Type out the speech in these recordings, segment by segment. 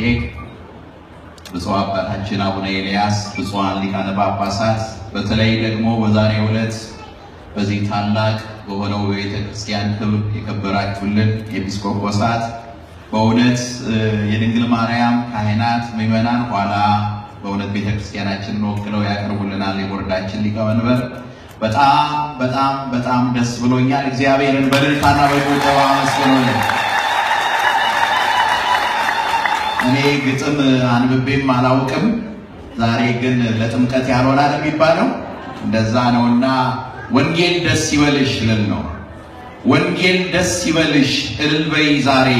መልከጼዴቅ፣ ብፁዕ አባታችን አቡነ ኤልያስ፣ ብፁዓን ሊቃነ ጳጳሳት፣ በተለይ ደግሞ በዛሬው ዕለት በዚህ ታላቅ በሆነው በቤተ ክርስቲያን ክብር የከበራችሁልን ኤጲስቆጶሳት፣ በእውነት የድንግል ማርያም ካህናት፣ ምዕመናን ኋላ በእውነት ቤተ ክርስቲያናችንን ወክለው ያቀርቡልናል የቦርዳችን ሊቀመንበር በጣም በጣም በጣም ደስ ብሎኛል። እግዚአብሔርን በልልታና በጭብጨባ አመስግኑልን። እኔ ግጥም አንብቤም አላውቅም። ዛሬ ግን ለጥምቀት ያልሆናል የሚባለው እንደዛ ነውና ወንጌል ደስ ይበልሽ ልል ነው። ወንጌል ደስ ይበልሽ እልበይ ዛሬ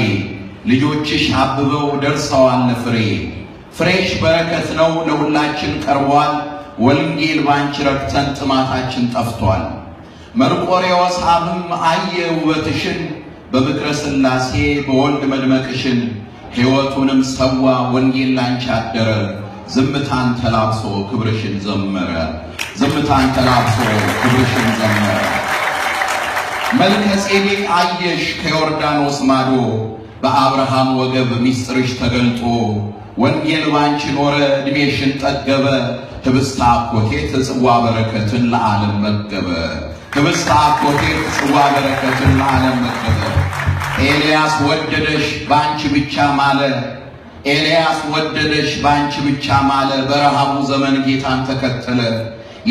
ልጆችሽ አብበው ደርሰዋል ፍሬ። ፍሬሽ በረከት ነው ለሁላችን ቀርቧል። ወንጌል ባንቺ ረክተን ጥማታችን ጠፍቷል። መርቆሬዎስ አብም አየ ውበትሽን በምክረ ሥላሴ በወልድ መድመቅሽን ሕይወቱንም ሰዋ፣ ወንጌል ላንቺ አደረ። ዝምታን ተላብሶ ክብርሽን ዘመረ። ዝምታን ተላብሶ ክብርሽን ዘመረ። መልከ ጼዴቅ አየሽ ከዮርዳኖስ ማዶ በአብርሃም ወገብ ሚስጥርሽ ተገልጦ ወንጌል ባንቺ ኖረ፣ ዕድሜሽን ጠገበ። ህብስታ ኮቴት ጽዋ በረከትን ለዓለም መገበ። ህብስታ አኮቴት ጽዋ በረከትን ለዓለም መገበ። ኤልያስ ወደደሽ በአንቺ ብቻ ማለ፣ ኤልያስ ወደደሽ በአንቺ ብቻ ማለ። በረሃቡ ዘመን ጌታን ተከተለ።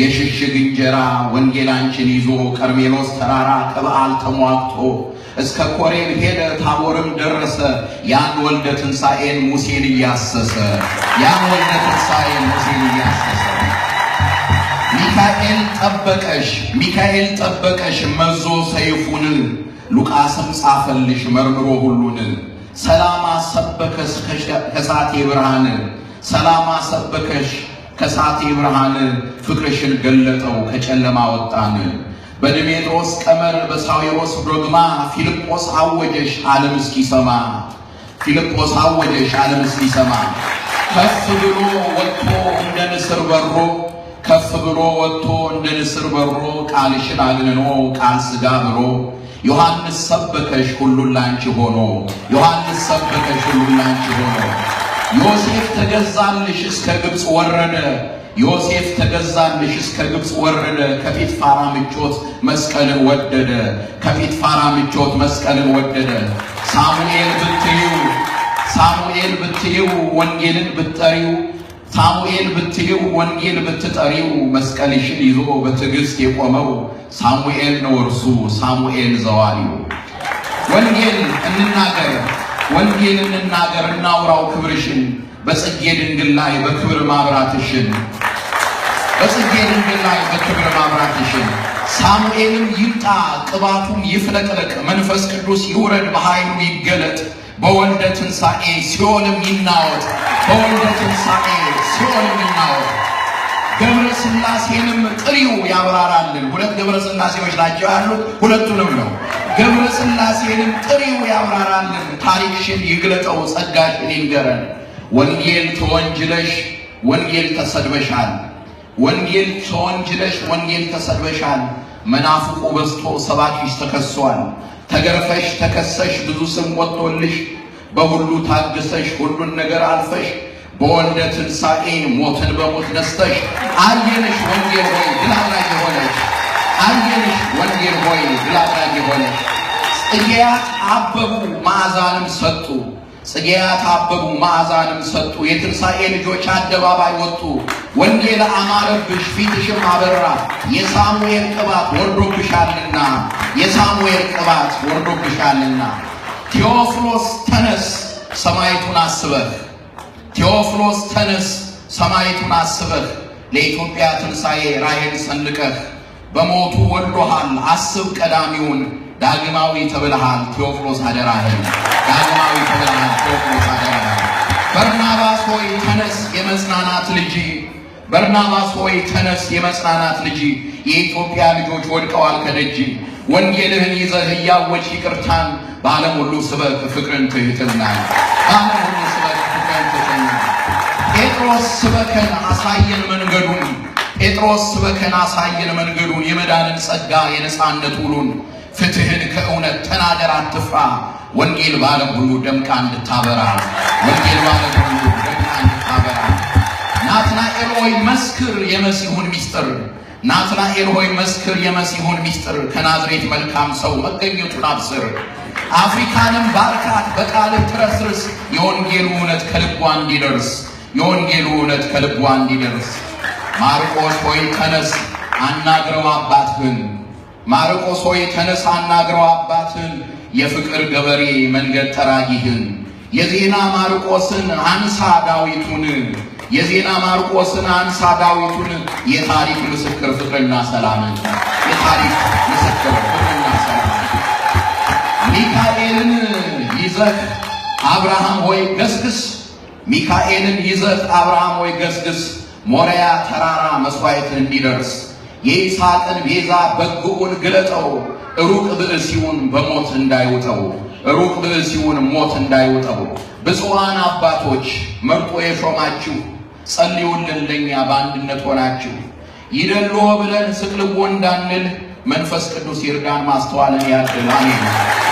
የሽሽግ እንጀራ ወንጌል አንቺን ይዞ ቀርሜሎስ ተራራ ከበዓል ተሟግቶ እስከ ኮሬን ሄደ ታቦርም ደረሰ። ያን ወልደ ትንሣኤን ሙሴን እያሰሰ ያን ወልደ ትንሣኤን ሙሴን እያሰሰ ሚካኤል ጠበቀሽ፣ ሚካኤል ጠበቀሽ መዞ ሰይፉን ሉቃስም ጻፈልሽ መርምሮ ሁሉንን ሰላም አሰበከሽ ከሳቴ ብርሃንን ሰላም አሰበከሽ ከሳቴ ብርሃን ፍቅርሽን ገለጠው ከጨለማ ወጣን። በድሜጥሮስ ቀመር በሳዊሮስ ዶግማ ፊልጶስ አወጀሽ ዓለም እስኪሰማ ፊልጶስ አወጀሽ ዓለም እስኪሰማ ከፍ ብሎ ወጥቶ እንደ ንስር በሮ ከፍ ብሎ ወጥቶ እንደ ንስር በሮ ቃልሽን አግንኖ ቃል ስጋ ብሎ ዮሐንስ ሰበከሽ ሁሉን ላንቺ ሆኖ፣ ዮሐንስ ሰበከሽ ሁሉን ላንቺ ሆኖ። ዮሴፍ ተገዛልሽ እስከ ግብፅ ወረደ፣ ዮሴፍ ተገዛልሽ እስከ ግብፅ ወረደ። ከፊት ፋራ ምቾት መስቀልን ወደደ፣ ከፊት ፋራ ምቾት መስቀልን ወደደ። ሳሙኤል ብትዩ፣ ሳሙኤል ብትዩ፣ ወንጌልን ብትጠሪው ሳሙኤል ብትይው ወንጌል ብትጠሪው መስቀልሽን ይዞ በትዕግስት የቆመው ሳሙኤል ነው እርሱ ሳሙኤል ዘዋሪው። ወንጌል እንናገር ወንጌል እንናገር እናውራው ክብርሽን በጽጌ ድንግል ላይ በክብር ማብራትሽን በጽጌ ድንግል ላይ በክብር ማብራትሽን ሳሙኤልም ይምጣ ቅባቱም ይፍለቅለቅ መንፈስ ቅዱስ ይውረድ በኃይሉ ይገለጥ በወልደ ትንሣኤ ሲኦልም ይናወጥ፣ በወልደ ትንሣኤ ሲኦልም ይናወጥ። ገብረ ስላሴንም ጥሪው ያብራራልን። ሁለት ገብረ ስላሴዎች ናቸው ያሉት፣ ሁለቱንም ነው። ገብረ ስላሴንም ጥሪው ያብራራልን። ታሪክሽን ይግለጠው፣ ጸጋሽን ይንገረን። ወንጌል ተወንጅለሽ፣ ወንጌል ተሰድበሻል። ወንጌል ተወንጅለሽ፣ ወንጌል ተሰድበሻል። መናፍቁ በዝቶ ሰባኪሽ ተከሷል። ተገርፈሽ ተከሰሽ ብዙ ስም ወጥቶልሽ በሁሉ ታግሰሽ ሁሉን ነገር አልፈሽ በወልደ ትንሣኤ ሞትን በሞት ነስተሽ አየንሽ ወንጌል ሆይ ግላብራኝ የሆነች አየንሽ ወንጌል ሆይ ግላብራኝ ሆነች ጽጌያት አበቡ መዓዛንም ሰጡ ጽጌያት አበቡ፣ መዓዛንም ሰጡ። የትንሣኤ ልጆች አደባባይ ወጡ። ወንጌል አማረብሽ፣ ፊትሽም አበራ። የሳሙኤል ቅባት ወርዶብሻልና የሳሙኤል ቅባት ወርዶብሻልና። ቴዎፍሎስ ተነስ፣ ሰማይቱን አስበህ። ቴዎፍሎስ ተነስ፣ ሰማይቱን አስበህ። ለኢትዮጵያ ትንሣኤ ራዕይን ሰንቀህ በሞቱ ወዶሃል፣ አስብ ቀዳሚውን ዳግማዊ ተብልሃል ቴዎፍሎስ አደራህ፣ ዳግማዊ ተብልሃል ቴዎፍሎስ አደራህ። በርናባስ ሆይ ተነስ የመጽናናት ልጅ፣ በርናባስ ሆይ ተነስ የመጽናናት ልጅ። የኢትዮጵያ ልጆች ወድቀዋል ከደጅ፣ ወንጌልህን ይዘህ እያወጅ ይቅርታን በዓለም ሁሉ ስበክ ፍቅርን ትህትና፣ በዓለም ሁሉ ስበክ ፍቅርን ትህትና። ጴጥሮስ ስበከን አሳየን መንገዱን፣ ጴጥሮስ ስበከን አሳየን መንገዱን፣ የመዳንን ጸጋ የነፃነት ውሉን ፍትህን ከእውነት ተናገር፣ አትፍራ። ወንጌል ባለ ሁሉ ደምቃ እንድታበራ ወንጌል ባለ ሁሉ ደምቃ እንድታበራ። ናትናኤል ሆይ መስክር የመሲሁን ሚስጥር፣ ናትናኤል ሆይ መስክር የመሲሁን ሚስጥር፣ ከናዝሬት መልካም ሰው መገኘቱን አብስር። አፍሪካንም ባርካት በቃልህ ትረስርስ፣ የወንጌሉ እውነት ከልቧ እንዲደርስ የወንጌሉ እውነት ከልቧ እንዲደርስ። ማርቆስ ሆይ ተነስ አናግረው አባትህን ማርቆስ ሆይ ተነሳ፣ አናግረው አባትን የፍቅር ገበሬ መንገድ ተራጊህን የዜና ማርቆስን አንሳ ዳዊቱን የዜና ማርቆስን አንሳ ዳዊቱን የታሪክ ምስክር ፍቅርና ሰላምን የታሪክ ምስክር ፍቅርና ሰላምን ሚካኤልን ይዘህ አብርሃም ሆይ ገስግስ ሚካኤልን ይዘህ አብርሃም ሆይ ገስግስ ሞሪያ ተራራ መስዋዕትን እንዲደርስ የይስሐቅን ቤዛ በግዑን ግለጠው፣ ሩቅ ብእሲውን በሞት እንዳይውጠው፣ ሩቅ ብእሲውን ሞት እንዳይውጠው። ብፁዓን አባቶች መርጦ የሾማችሁ ጸልዩልን ለኛ በአንድነት ሆናችሁ ይደሎ ብለን ስቅልቦ እንዳንል መንፈስ ቅዱስ ይርዳን ማስተዋልን ያድል። አሜን።